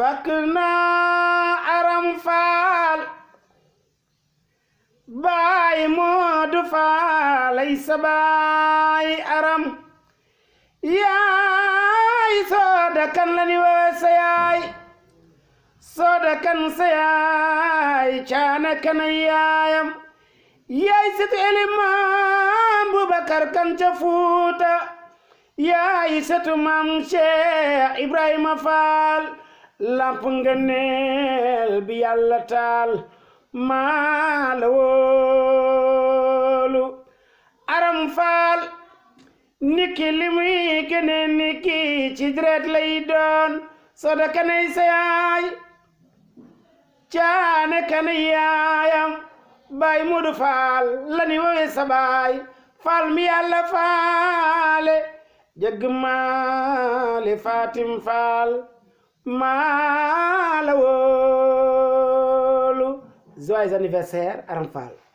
Bakna aram fal, bay moodu fal sa aram Ya, sooda kan la ni wee sa yaay sooda kan sa yaay caana kana yaayam yaay situ elimaan bubakar kan ca ya yaay satu Ibrahim fal. làmp ngëneel bi yàlla taal maa la wóolu aram faal niki li muy gëne niki ci deret lay doon sadaka nay sa yaay caane kana yaayam baay mudu faal lani wowe sa faal mi yàlla faale jëgg maale fatim faal maa la wóolu joyeux anniversaire Aram Fall